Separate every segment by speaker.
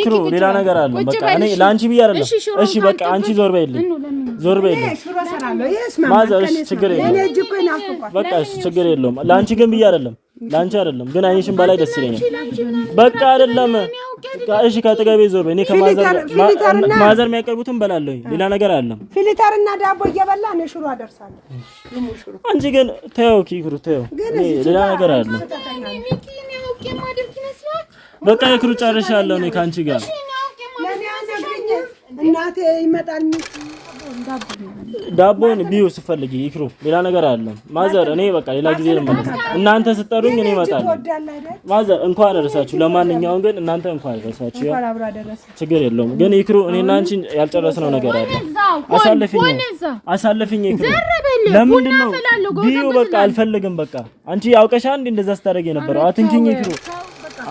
Speaker 1: ኢክሩ ሌላ ነገር አለ። በቃ እኔ ለአንቺ ብዬ አይደለም። እሺ በቃ አንቺ ዞር በይልኝ፣ ዞር በይልኝ
Speaker 2: ማዘር። እሺ ችግር የለውም
Speaker 1: በቃ እሺ ችግር የለውም። ለአንቺ ግን ብዬ አይደለም፣ ለአንቺ አይደለም ግን አይንሽን በላይ ደስ ይለኛል። በቃ አይደለም እሺ ከአጠገቤ ዞር በይ። እኔ ከማዘር የሚያቀርቡትን በላለሁ። ሌላ ነገር አለም።
Speaker 2: ፊልተር እና ዳቦ እየበላ ነው። ሽሮ
Speaker 1: አደርሳለሁ። አንቺ ግን ተይው፣ ኢክሩ ተይው፣ ሌላ ነገር አለ በቃ የክሩ ጨርሻለሁ። እኔ ከአንቺ ጋር ዳቦ ቢዩ ስፈልጊ ይክሩ ሌላ ነገር አለም ማዘር፣ እኔ በቃ ሌላ ጊዜ ልመለስ። እናንተ ስጠሩኝ እኔ እመጣለሁ። ማዘር እንኳን አደረሳችሁ። ለማንኛውም ግን እናንተ እንኳን አደረሳችሁ። ችግር የለውም ግን ይክሩ፣ እኔ እኔና አንቺ ያልጨረስነው ነገር አለ። አሳልፍኝ አሳልፍኝ ይክሩ። ለምንድን ነው ቢዩ? በቃ አልፈልግም። በቃ አንቺ አውቀሻ እንዴ እንደዛ ስታደርጊ የነበረው አትንኪኝ ይክሩ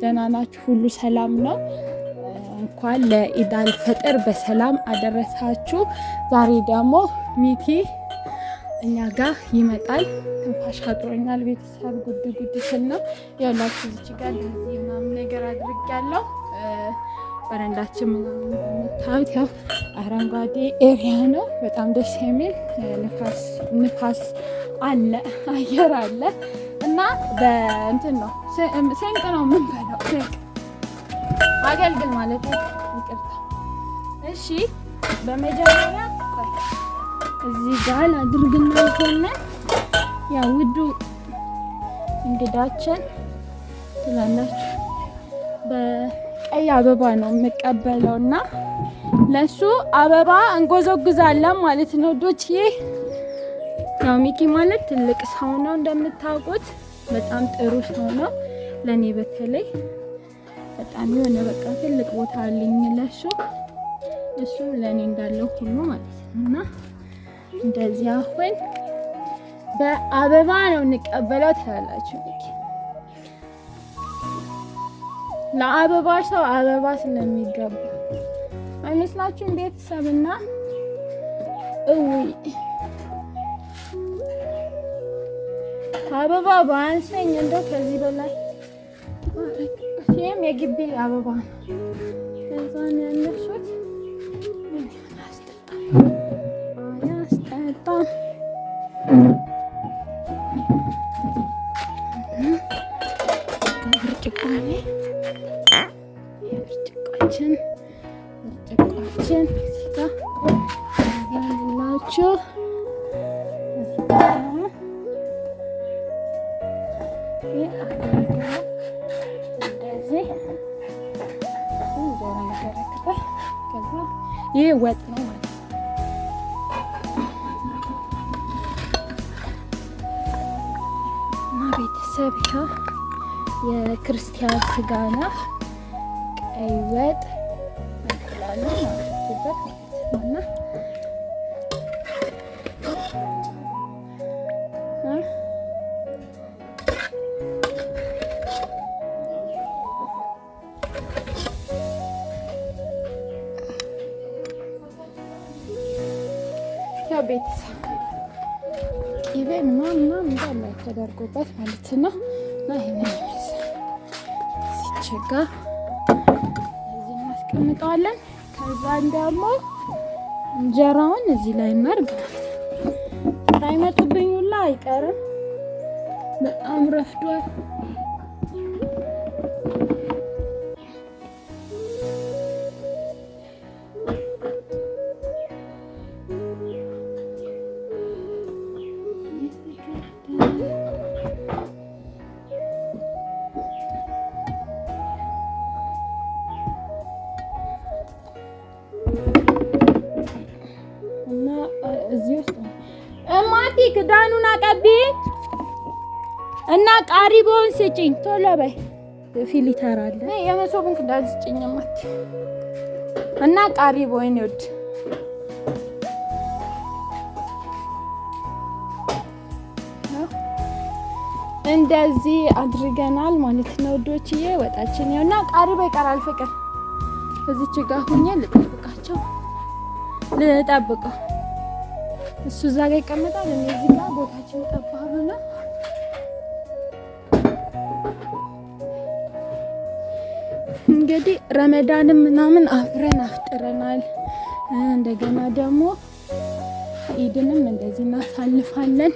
Speaker 3: ደህና ናችሁ? ሁሉ ሰላም ነው? እንኳን ለኢድ አልፈጥር በሰላም አደረሳችሁ። ዛሬ ደግሞ ሚኪ እኛ ጋር ይመጣል። ትንፋሽ አጥሮኛል ቤተሰብ ጉድ ጉድ ስል ነው ያላችሁ። እዚች ጋር ለዚህ ምናምን ነገር አድርጌያለሁ። በረንዳችን ምናምን የምታዩት ያው አረንጓዴ ኤሪያ ነው። በጣም ደስ የሚል ንፋስ አለ፣ አየር አለ። እና በእንትን ነው ስንቅ ነው ስንቅ አገልግል ማለት ይቅርታ። እሺ በመጀመሪያ እዚህ ጋር ያ ውዱ እንግዳችን ትላላችሁ በቀይ አበባ ነው የምቀበለውና ለሱ አበባ እንጎዘጉዛለን ማለት ነው ዶች ይህ ያው ሚኪ ማለት ትልቅ ሰው ነው እንደምታውቁት። በጣም ጥሩ ሰው ነው። ለእኔ በተለይ በጣም የሆነ በቃ ትልቅ ቦታ አለኝ ለሱ እሱም ለእኔ እንዳለው ሁሉ ማለት ነው እና እንደዚህ አሁን በአበባ ነው እንቀበለው ትላላችሁ። ለአበባ ሰው አበባ ስለሚገባ አይመስላችሁም? ቤተሰብና እውይ አበባ ባንሰኝ እንደ ከዚህ በላይ ይህም የግቢ አበባ ነው። ከዛን ያነሱት ቤተሰብ ይኸው የክርስቲያን ስጋና ቀይ ወጥ እንላለን ማለት ነው። ጋ እዚህ እናስቀምጠዋለን። ከዛን ደግሞ እንጀራውን እዚህ ላይ እናርግ ሳይመጡብኝ ሁላ አይቀርም። በጣም ረፍዷል። እናቴ ክዳኑን አቀቢ እና ቃሪቦን ስጭኝ፣ ቶሎ በይ። ፊል ይተራል። የመሶቡን ክዳን ስጭኝ ማት እና ቃሪቦን ይወድ እንደዚህ አድርገናል ማለት ነው ውዶችዬ። ወጣችን ያው እና ቃሪቦ ይቀራል። ፍቅር እዚች ጋር ሁኜ ልጠብቃቸው ልጠብቀው እሱ እዛ ጋር ይቀመጣል። እኔ እዚህ ጋር ቦታችን ጠባብና እንግዲህ ረመዳንም ምናምን አፍረን አፍጥረናል። እንደገና ደግሞ ኢድንም እንደዚህ እናሳልፋለን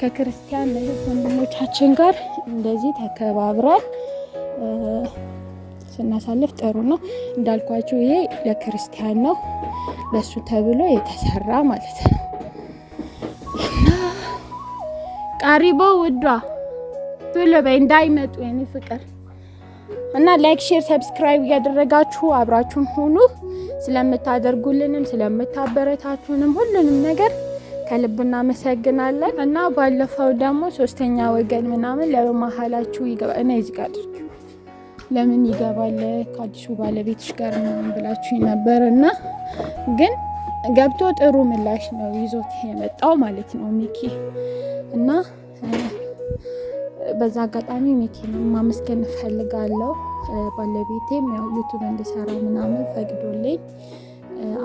Speaker 3: ከክርስቲያን እህት ወንድሞቻችን ጋር እንደዚህ ተከባብረን ስናሳልፍ ጥሩ ነው። እንዳልኳቸው ይሄ ለክርስቲያን ነው፣ ለሱ ተብሎ የተሰራ ማለት ነው። ቀሪቦ ውዷ ቶሎ በይ እንዳይመጡ የኔ ፍቅር እና ላይክ፣ ሼር፣ ሰብስክራይብ እያደረጋችሁ አብራችሁን ሁኑ። ስለምታደርጉልንም ስለምታበረታችሁንም ሁሉንም ነገር ከልብ እናመሰግናለን። እና ባለፈው ደግሞ ሶስተኛ ወገን ምናምን ለመሀላችሁ ይገባ እና እዚህ ጋር ለምን ይገባል ከአዲሱ ባለቤትሽ ጋር ምናምን ብላችሁ ነበር እና ግን ገብቶ ጥሩ ምላሽ ነው ይዞት የመጣው ማለት ነው ሚኪ እና በዛ አጋጣሚ ሚኪንም ማመስገን እፈልጋለሁ። ባለቤቴም ያው ዩቱብ እንድሰራ ምናምን ፈቅዶልኝ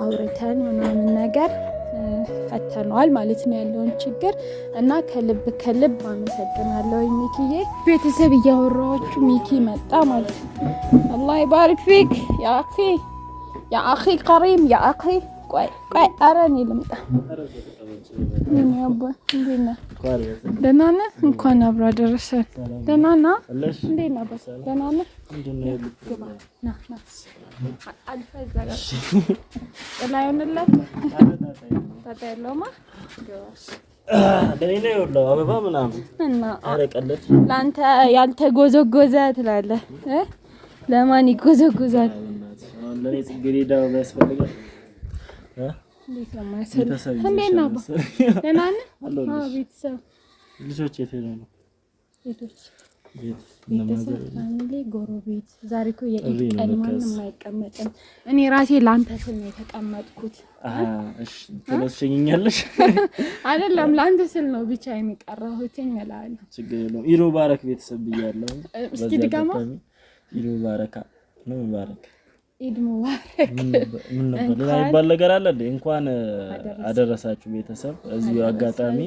Speaker 3: አውርተን ምናምን ነገር ፈተነዋል ማለት ነው ያለውን ችግር እና ከልብ ከልብ አመሰግናለሁ ሚኪዬ። ቤተሰብ እያወራዎቹ ሚኪ መጣ ማለት ነው። አላህ ይባርክ ፊክ ያ አኺ ያ አኺ ቀሪም ያ አኺ ቆይ ቆይ፣ ኧረ እኔ ልምጣ። ደህና ነህ? እንኳን አብሮ አደረሰን። ደህና ና። እንዴት ነህ? ደህና ነህ? ጥላ ይሆንለት ታታ ያለውማ
Speaker 1: ለኔ ነው አበባ ምናምን እና
Speaker 3: ለአንተ ያልተጎዘጎዘ ትላለህ። ለማን ይጎዘጎዛል?
Speaker 1: ልጆች የት ሄደው ነው?
Speaker 3: ቤተሰብ፣ ፋሚሊ፣ ጎረቤት። ዛሬ እኮ የኢድ ቀን ማንም አይቀመጥም። እኔ ራሴ ለአንተ ስል ነው የተቀመጥኩት። አይደለም ለአንተ ስል ነው ብቻ እላለሁ። ችግር
Speaker 1: የለውም። ኢድ ሙባረክ ቤተሰብ ብያለሁ። እስኪ ድጋማ ኢድ ሙባረካ ነው። ሙባረክ
Speaker 3: ኢድ ሙባረክ። ምን
Speaker 1: ነገር አለ እንዴ? እንኳን አደረሳችሁ ቤተሰብ። እዚሁ አጋጣሚ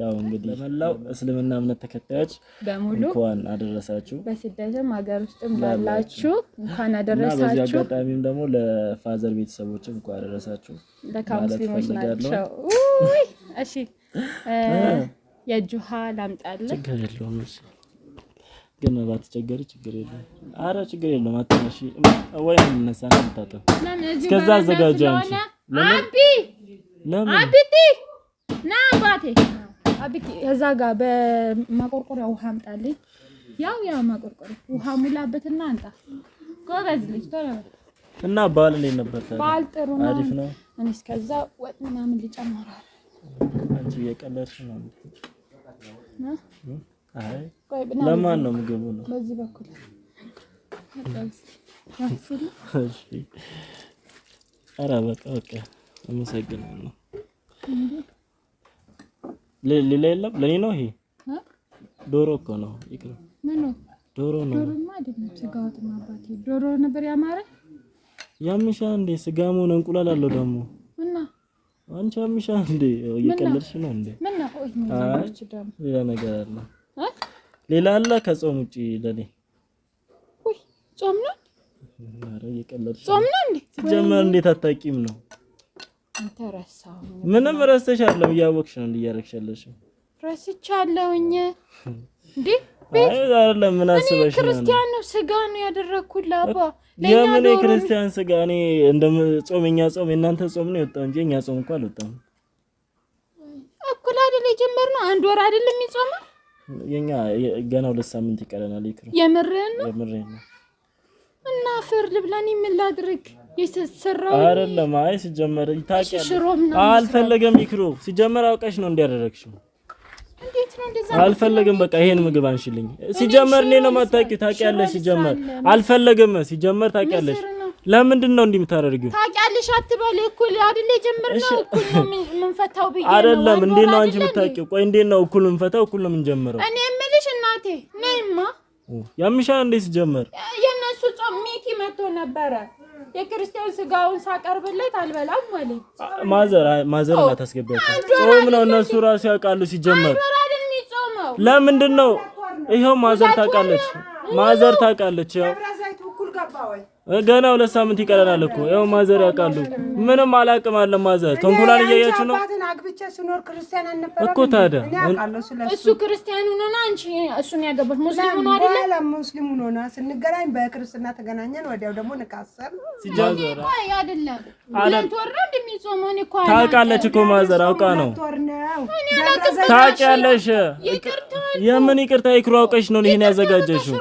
Speaker 1: ያው እንግዲህ ለመላው እስልምና እምነት ተከታዮች በሙሉ እንኳን አደረሳችሁ።
Speaker 3: በስደትም ሀገር ውስጥም ላላችሁ እንኳን አደረሳችሁ። በዚህ አጋጣሚም
Speaker 1: ደግሞ ለፋዘር ቤተሰቦችም እንኳን አደረሳችሁ
Speaker 3: ለካሙስሊሞች ናቸው። እሺ የጁሃ ላምጣለ ችግር
Speaker 1: የለውም። ግን ባትቸገሪ ችግር የለም። አረ ችግር የለም። አትነሽ ወይ እንነሳ ነው የምታጠብ። እስከዛ አዘጋጃ
Speaker 3: አንቺ ለምን አቢቲ ና አባቴ አቢቲ እዛ ጋር በማቆርቆሪያ ውሃ አምጣልኝ። ያው ያው ማቆርቆሪያ ውሃ ሙላበትና አንጣ። ጎበዝ ልጅ
Speaker 1: እና በዓል እንዴት ነበር? በዓል ጥሩ ነው፣ አሪፍ ነው። እኔ
Speaker 3: እስከዛ ወጥ ምናምን ልጨምራለሁ።
Speaker 1: አንቺ እየቀለድሽ ነው ለማን ነው ምግቡ? ነው በዚህ በኩል ኧረ በቃ በቃ አመሰግናለሁ። ሌላ የለም ለኔ ነው ይሄ ዶሮ እኮ ነው።
Speaker 3: ዶሮ ነው። ዶሮ ነበር ያማረ።
Speaker 1: ያምሻ እንዴ ስጋ መሆን እንቁላል አለው ደግሞ አንቺ ያምሻ እንዴ እየቀለድሽ ነው እንዴ? ምን
Speaker 3: ነው ሌላ
Speaker 1: ነገር አለ ሌላ አለ ከጾም ውጪ ለኔ
Speaker 3: ጾም ነው። ኧረ እየቀለድሽ ጾም ነው እንዴ? ስትጀመር
Speaker 1: እንዴት አታውቂም ነው?
Speaker 3: አንተ ረሳው። ምንም ረስተሻለሁ፣ እያወቅሽ ነው እንዲያረክሻለሽ። ረስቻለሁኝ እንዴ? ቤት አይደለም። ምን አስበሽ ነው? ክርስቲያን ነው ስጋ ነው ያደረኩላ አባ።
Speaker 1: ለኛ ነው ክርስቲያን ስጋ። እኔ እንደ ጾም የኛ ጾም የእናንተ ጾም ነው የወጣው እንጂ የኛ ጾም እንኳን አልወጣም።
Speaker 3: እኩል አይደል የጀመርነው? አንድ ወር አይደል የሚጾመው
Speaker 1: የኛ ገና ሁለት ሳምንት ይቀረናል። ይክሩ
Speaker 3: የምሬን ነው የምሬን ነው። እና ፍርድ ብላን ምን ላድርግ? የተሰራው
Speaker 1: አይደለም። አይ ሲጀመር ይታወቃል። አልፈለገም ይክሩ። ሲጀመር አውቀሽ ነው እንዲያደረግሽው። አልፈለገም በቃ ይሄን ምግብ አንሽልኝ። ሲጀመር እኔ ነው የማታውቂው ታውቂያለሽ። ሲጀመር አልፈለገም። ሲጀመር ታውቂያለሽ ለምንድን ነው እንዲህ የምታደርጊው? ታውቂያለሽ
Speaker 3: አትበል። እኩል አይደለ የጀመርነው እኩል ነው የምንፈታው ብዬሽ ነው። አይደለም
Speaker 1: እንዴት ነው አንቺ የምታውቂው? ቆይ እንዴት ነው እኩል የምንፈታው? እኩል ነው የምንጀምረው። እኔ
Speaker 3: የምልሽ እናቴ ነይማ።
Speaker 1: ያምሻል እንዴት ሲጀመር
Speaker 3: የእነሱ ጾም ሚኪ መጥቶ ነበረ የክርስቲያን ስጋውን ሳቀርብለት አልበላም አለኝ።
Speaker 1: ማዘር ማዘር አታስገቢያቸው። ጾም ነው እነሱ ራሱ ያውቃሉ። ሲጀመር ለምንድን ነው ይኸው ማዘር ታውቃለች። ማዘር ታውቃለች ያው ገና ሁለት ሳምንት ይቀረናል እኮ ያው ማዘር ያውቃሉ። ምንም አላቅም አለ ማዘር ቶንኩላን እያያችሁ ነው እኮ ታዲያ
Speaker 3: እሱ ክርስቲያን ነው አንቺ እሱን ያገባሽ ሙስሊም ሆኖ አይደለ? ሙስሊም
Speaker 2: ነው። ስንገናኝ በክርስትና ተገናኘን። ወዲያው ደግሞ ንቃሰር
Speaker 3: ሲጀምር አይደለም ሁለት ወር ነው እንደሚጾመው እኮ ታውቃለች
Speaker 1: እኮ ማዘር አውቃ ነው ታውቂያለሽ። የምን ይቅርታ ይክሩ አውቀሽ ነው ይሄን ያዘጋጀሽው?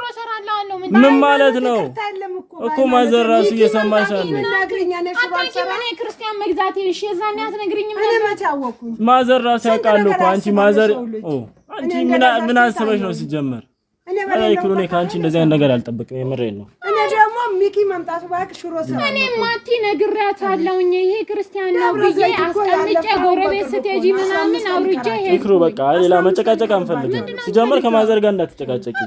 Speaker 1: ምን ማለት ነው? እኮ ማዘር ራሱ እየሰማሽ አለ።
Speaker 3: ክርስቲያን መግዛት ይልሽ የዛኔ አትነግሪኝም።
Speaker 1: ማዘር ራሱ ያውቃሉ እኮ አንቺ ማዘር ኦ አንቺ ምን አስበሽ ነው ሲጀመር? እኔ ከአንቺ እንደዚህ አይነት ነገር አልጠብቅም። የምሬን ነው እኔ
Speaker 2: ሚኪ መምጣቱ እባክሽ ሽሮ ስራ እኔ
Speaker 3: ማቲ ነግሬያታለሁኝ። ይሄ ክርስቲያን ነው ብዬ አስቀምጬ ጎረቤት ስትሄጂ ምናምን አውርጄ ይሄ ፍቅሩ
Speaker 1: በቃ ሌላ መጨቃጨቅ አንፈልግም። ሲጀምር ከማዘር ጋር እንዳትጨቃጨቂ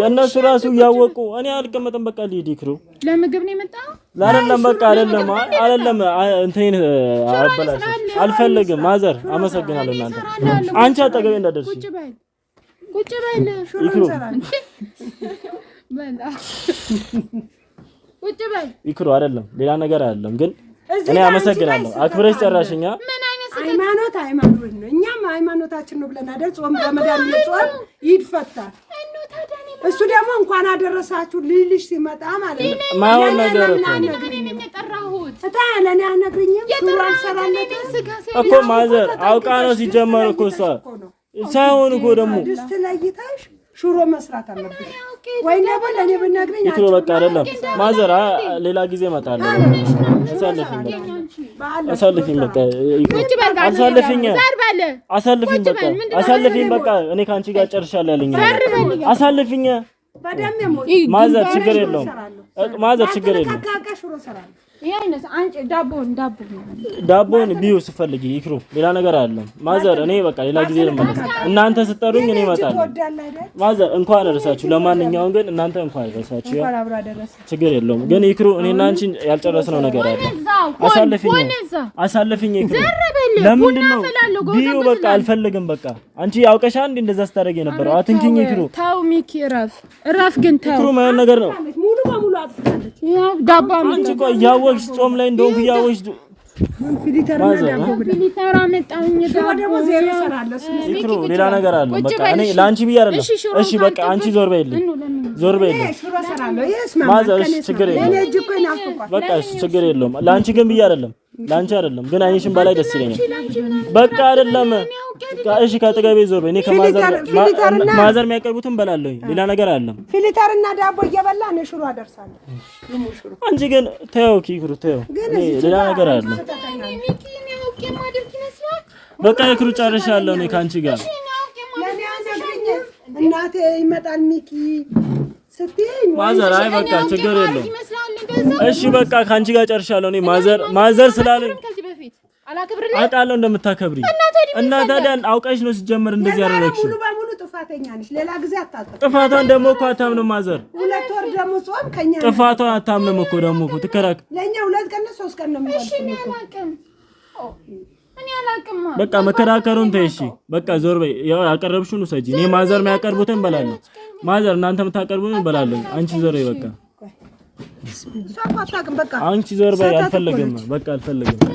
Speaker 1: የእነሱ ራሱ እያወቁ እኔ አልቀመጥም። በቃ ልሂድ። ይክሩ ለምግብ
Speaker 3: ነው የመጣው ለአለም
Speaker 1: በቃ አይደለም አይደለም እንትን አበላሽ አልፈልግም። ማዘር አመሰግናለሁ። እናንተ አንቺ አጠገቤ እንዳደርሽ ቁጭ በል
Speaker 3: ቁጭ በል
Speaker 1: ቁጭ በል ይክሩ። አይደለም ሌላ ነገር አይደለም። ግን እኔ አመሰግናለሁ፣ አክብረሽ ጨራሽኛ።
Speaker 2: ሃይማኖት ሃይማኖት ነው፣ እኛም ሃይማኖታችን ነው ብለን አይደል? ጾም ረመዳን ጾም ይፈታል። እሱ ደግሞ እንኳን አደረሳችሁ ልልሽ ሲመጣ ማለት ነው። ማሆን
Speaker 1: ነገር እኮ ለእኔ አነግሪኝም እኮ ማዘር አውቃ ነው ሲጀመር እኮ እሷ ሳይሆን እኮ ደግሞ
Speaker 2: ሽሮ መስራት አለብሽ። ወይ ነበር ለእኔ ብናግረኝ ይክሎ በቃ
Speaker 1: አይደለም ማዘር፣ ሌላ ጊዜ እመጣለሁ። አሳልፊኝ በቃ አሳልፊኝ፣ አሳልፊኝ በቃ አሳልፊኝ በቃ። እኔ ከአንቺ ጋር ጨርሻለሁ ያለኝ አሳልፊኝ ማዘር፣ ችግር የለውም ማዘር፣ ችግር የለውም ዳቦን ቢዩ ስፈልጊ ይክሩ ሌላ ነገር አይደለም። ማዘር እኔ በቃ ሌላ ጊዜ ልመለስ። እናንተ ስጠሩኝ እኔ እመጣለሁ። ማዘር እንኳን ደረሳችሁ። ለማንኛውም ግን እናንተ እንኳን ደረሳችሁ። ችግር የለውም ግን ይክሩ፣ እኔ እና አንቺ ያልጨረስነው ነገር አለ። አሳልፍኝ አሳልፍኝ ይክሩ። ለምንድን ነው ቢዩ? በቃ አልፈልግም። በቃ አንቺ አውቀሻ እንዴ እንደዛ ስታደርጊ የነበረው አትንኪኝ ይክሩ። ተው
Speaker 3: ሚኪ፣ እረፍ እረፍ። ግን ተው ይክሩ፣ ማየን
Speaker 1: ነገር ነው ሙሉ በሙሉ አጥፍታለች። ዳባ አንቺ ቆይ እያወቅሽ ጾም ላይ እንደውም እያወቅሽ ሌላ ነገር አለ። በቃ እኔ ለአንቺ ብዬ አይደለም። እሺ በቃ አንቺ ዞር በይልኝ፣ ዞር በይልኝ። ማዘር እሺ፣ ችግር የለውም። በቃ እሺ፣ ችግር የለውም። ለአንቺ ግን ብዬ አይደለም፣ ለአንቺ አይደለም ግን አይንሽን በላይ ደስ ይለኛል። በቃ አይደለም እሺ ከአጠገቤ ዞር በይ። እኔ ከማዘር የሚያቀርቡትን በላለሁ። ሌላ ነገር አለም። ፊልተር
Speaker 2: እና ዳቦ እየበላ ነው ሽሮ አደርሳለሁ።
Speaker 1: አንቺ ግን ተይው ኪክሩ ተይው፣ ሌላ ነገር አለ። በቃ ይክሩ ጨርሻለሁ። እኔ ከአንቺ ጋር
Speaker 2: እናቴ ይመጣል ሚኪ ስትይኝ
Speaker 1: ማዘር፣ አይ በቃ ችግር የለውም። እሺ በቃ ከአንቺ ጋር ጨርሻለሁ። እኔ ማዘር ማዘር ስላለ አላከብርልኝ አውቃለሁ እንደምታከብሪ እና ታዲያ አውቀሽ ነው ሲጀመር እንደዚህ ያደረግሽ። ሙሉ በሙሉ
Speaker 2: ጥፋተኛ ነሽ። ሌላ ጊዜ ጥፋቷን
Speaker 1: ደግሞ እኮ አታምንም ማዘር። ሁለት
Speaker 2: ወር ደግሞ ጾም ጥፋቷን
Speaker 1: አታምንም እኮ ደግሞ እኮ ሁለት
Speaker 2: ቀን ሶስት ቀን ነው የሚሆነው።
Speaker 1: በቃ መከራከሩን ተይ እሺ። በቃ ዞር በይ። ያው ያቀረብሽውን ውሰጂ። እኔ ማዘር የሚያቀርቡትን እበላለሁ። ማዘር እናንተ የምታቀርቡትን እበላለሁ። አንቺ ዞር በይ በቃ። አንቺ ዞር በይ። አልፈለግም በቃ አልፈለግም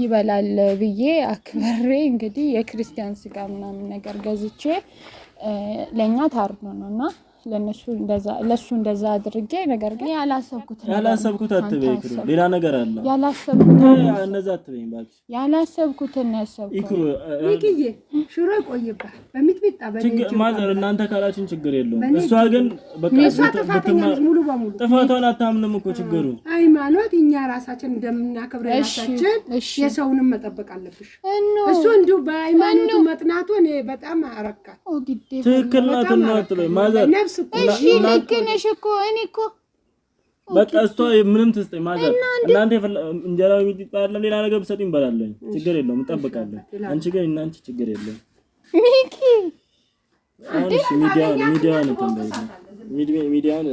Speaker 3: ይበላል ብዬ አክበሬ እንግዲህ የክርስቲያን ስጋ ምናምን ነገር ገዝቼ ለእኛ ታርዶ ነው እና ለእነሱ እንደዛ ለእሱ እንደዛ አድርጌ ነገር ግን ያላሰብኩት
Speaker 2: ያላሰብኩት
Speaker 1: አትበይ ክሩ ሌላ ነገር አለ ያላሰብኩት
Speaker 3: እነዛ አትበይ ባክሽ፣ ያላሰብኩት እና እናሰብኩት ኢክሩ
Speaker 2: ይግዬ ሽሮ ይቆይባል በሚጥሚጣ በሌሊት
Speaker 1: ማዘር፣ እናንተ ካላችን ችግር የለውም። እሷ ግን በቃ ሙሉ በሙሉ ጥፋቷን አታምንም እኮ ችግሩ። ሃይማኖት
Speaker 2: እኛ ራሳችን እንደምናከብር ራሳችን የሰውንም መጠበቅ አለብሽ። እሱ እንዲሁ በሃይማኖቱ መጥናቱ እኔ በጣም አረካ
Speaker 1: ትክክል ናት። እናት ማዘር እኮ እሺ፣
Speaker 3: ልክ ነሽ እኮ እኔ እኮ
Speaker 1: በቃ እሷ ምንም ትስጠኝ እናንተ እንጀራ ሌላ ነገር ችግር የለውም፣ እንጠብቃለን። አንቺ ግን እናንቺ ችግር የለውም። ሚኪ አንቺ ሚዲያውን ሚዲያውን ሚዲያውን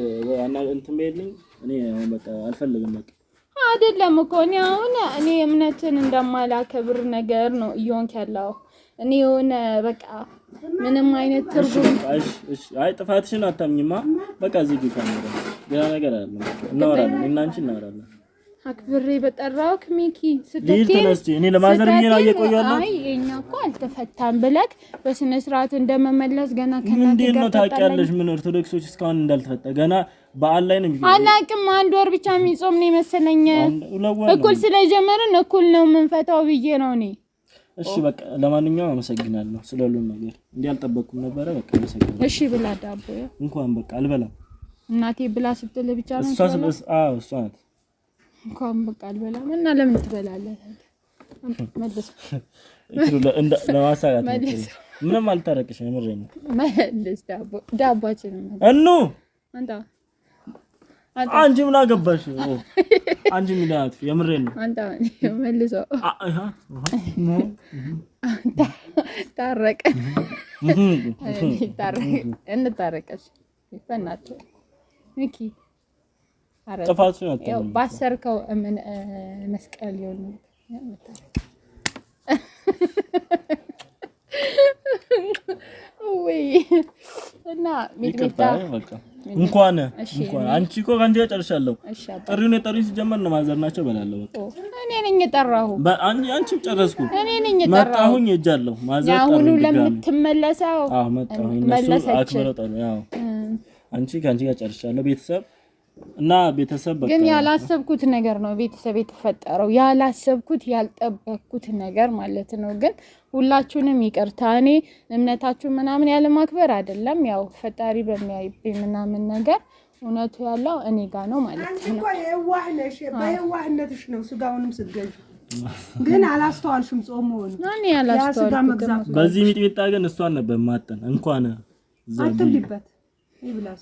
Speaker 1: እንትን በይልኝ። እኔ አሁን በቃ አልፈልግም። በቃ
Speaker 3: አይደለም እኮ እኔ አሁን እኔ እምነትን እንደማላከብር ነገር ነው እየሆንክ ያለው እኔ የሆነ በቃ ምንም አይነት ትርጉም
Speaker 1: አይ ጥፋትሽን አታምኝማ። በቃ እዚህ ቢካ ሌላ ነገር አለ። እናወራለን፣ እናንቺ እናወራለን።
Speaker 3: አክብሬ በጠራሁክ ሚኪ ስትቴን
Speaker 1: እኔ ለማዘር ምን ላይ እየቆያለሁ። አይ የኛ
Speaker 3: እኮ አልተፈታም ብለክ በስነ ስርዓት እንደመመለስ ገና ከናንተ ጋር እንዴት
Speaker 1: ነው ታውቂያለሽ? ምን ኦርቶዶክሶች እስካሁን እንዳልተፈታ ገና በዓል ላይ ነው የሚሆነው። አላውቅም።
Speaker 3: አንድ ወር ብቻ የሚጾም ነው የመሰለኝ። እኩል ስለጀመርን እኩል ነው የምንፈታው ብዬ ነው እኔ
Speaker 1: እሺ በቃ ለማንኛውም አመሰግናለሁ ስለ ነገር። እንዲህ አልጠበቅኩም ነበረ። በቃ አመሰግናለሁ። እሺ ብላ
Speaker 3: ዳቦ እንኳን
Speaker 1: በቃ አልበላም። እናቴ
Speaker 3: ብላ ስትል ብቻ ነው
Speaker 1: እሷ አዎ፣ እሷ ናት።
Speaker 3: እንኳን በቃ አልበላም እና ለምን ትበላለህ? መልስ
Speaker 1: ለማሳጋት ምንም አልታረቅሽ። የምሬን ነው። መልስ
Speaker 3: ዳቦ ዳቦችን
Speaker 1: አንታ አንቺ ምን አገባሽ? አንቺ ምን ያት የምሬ ነው። አንተ
Speaker 3: መልሶ ታረቀ እንታረቀሽ ሚኪ ጥፋቱ ባሰርከው መስቀል ይሆን ነው
Speaker 1: ወይ እና ሚጥሚጣ እንኳን እንኳን አንቺ እኮ ከአንቺ ጋር ጨርሻለሁ። ጥሪውን የጠሩኝ ሲጀመር ነው ማዘር ናቸው
Speaker 3: እኔ ነኝ የጠራሁ
Speaker 1: አንቺም ጨረስኩ። እኔ ነኝ የጠራሁ መጣሁኝ ማዘር
Speaker 3: ለምትመለሰው አዎ መጣሁኝ። እነሱ አክብረው
Speaker 1: አንቺ ከአንቺ ጋር ጨርሻለሁ ቤተሰብ እና ቤተሰብ ግን
Speaker 3: ያላሰብኩት ነገር ነው ቤተሰብ የተፈጠረው ያላሰብኩት ያልጠበኩት ነገር ማለት ነው። ግን ሁላችሁንም ይቅርታ። እኔ እምነታችሁን ምናምን ያለ ማክበር አይደለም። ያው ፈጣሪ በሚያይብኝ ምናምን ነገር እውነቱ ያለው እኔ ጋ ነው ማለት ነው።
Speaker 2: በየዋህነትሽ ነው ስጋውንም ስትገዥ ግን አላስተዋልሽም። ጾም ሆነ
Speaker 1: በዚህ ሚጥሚጣ ግን እሷን ነበር ማጠን እንኳን
Speaker 2: አትብሊበት ይብላስ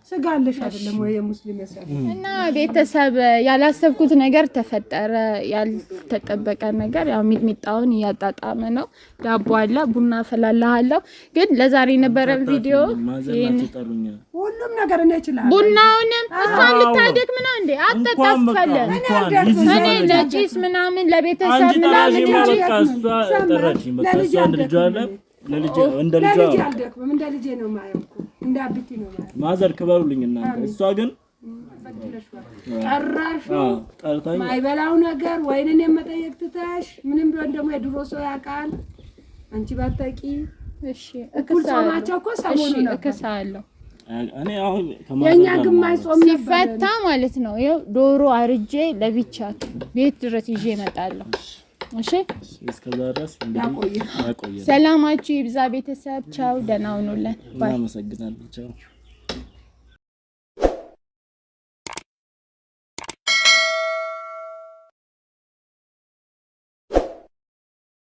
Speaker 2: ስጋ አለሽ አይደለም ወይ? የሙስሊም እና
Speaker 3: ቤተሰብ ያላሰብኩት ነገር ተፈጠረ። ያልተጠበቀ ነገር ያው ሚጥሚጣውን እያጣጣመ ነው። ዳቦ አለ፣ ቡና ፈላልሃለሁ። ግን ለዛሬ የነበረን ቪዲዮ
Speaker 1: ሁሉም
Speaker 2: ነገር እኔ እችላለሁ። ቡናውንም
Speaker 3: እሷን ልታደግ ምን እንዴ አጠጣስፈለ እኔ ለጂስ ምናምን ለቤተሰብ ምናምን
Speaker 1: ለልጅ እንደ
Speaker 2: ልጇ ነው ማየው ማዘር
Speaker 1: ክበሩልኝ እናንተ። እሷ ግን
Speaker 2: ጨራሽ ማይበላው ነገር ወይንን የመጠየቅ ትተሽ ምንም ቢሆን ደግሞ የድሮ ሰው ያውቃል። አንቺ ባታውቂ እሺ። እኩል ጾማቸው እኮ ሰሞኑን እከሳለሁ እኔ
Speaker 3: አሁን የእኛ ግማሽ ጾም ሲፈታ ማለት ነው። ይኸው ዶሮ አርጄ ለብቻ ቤት ድረስ ይዤ እመጣለሁ። እሺ እስከዛ ድረስ ሰላማችሁ ይብዛ ቤተሰብ። ቻው፣ ደህና ሁኑልን።
Speaker 1: እናመሰግናለን። ቻው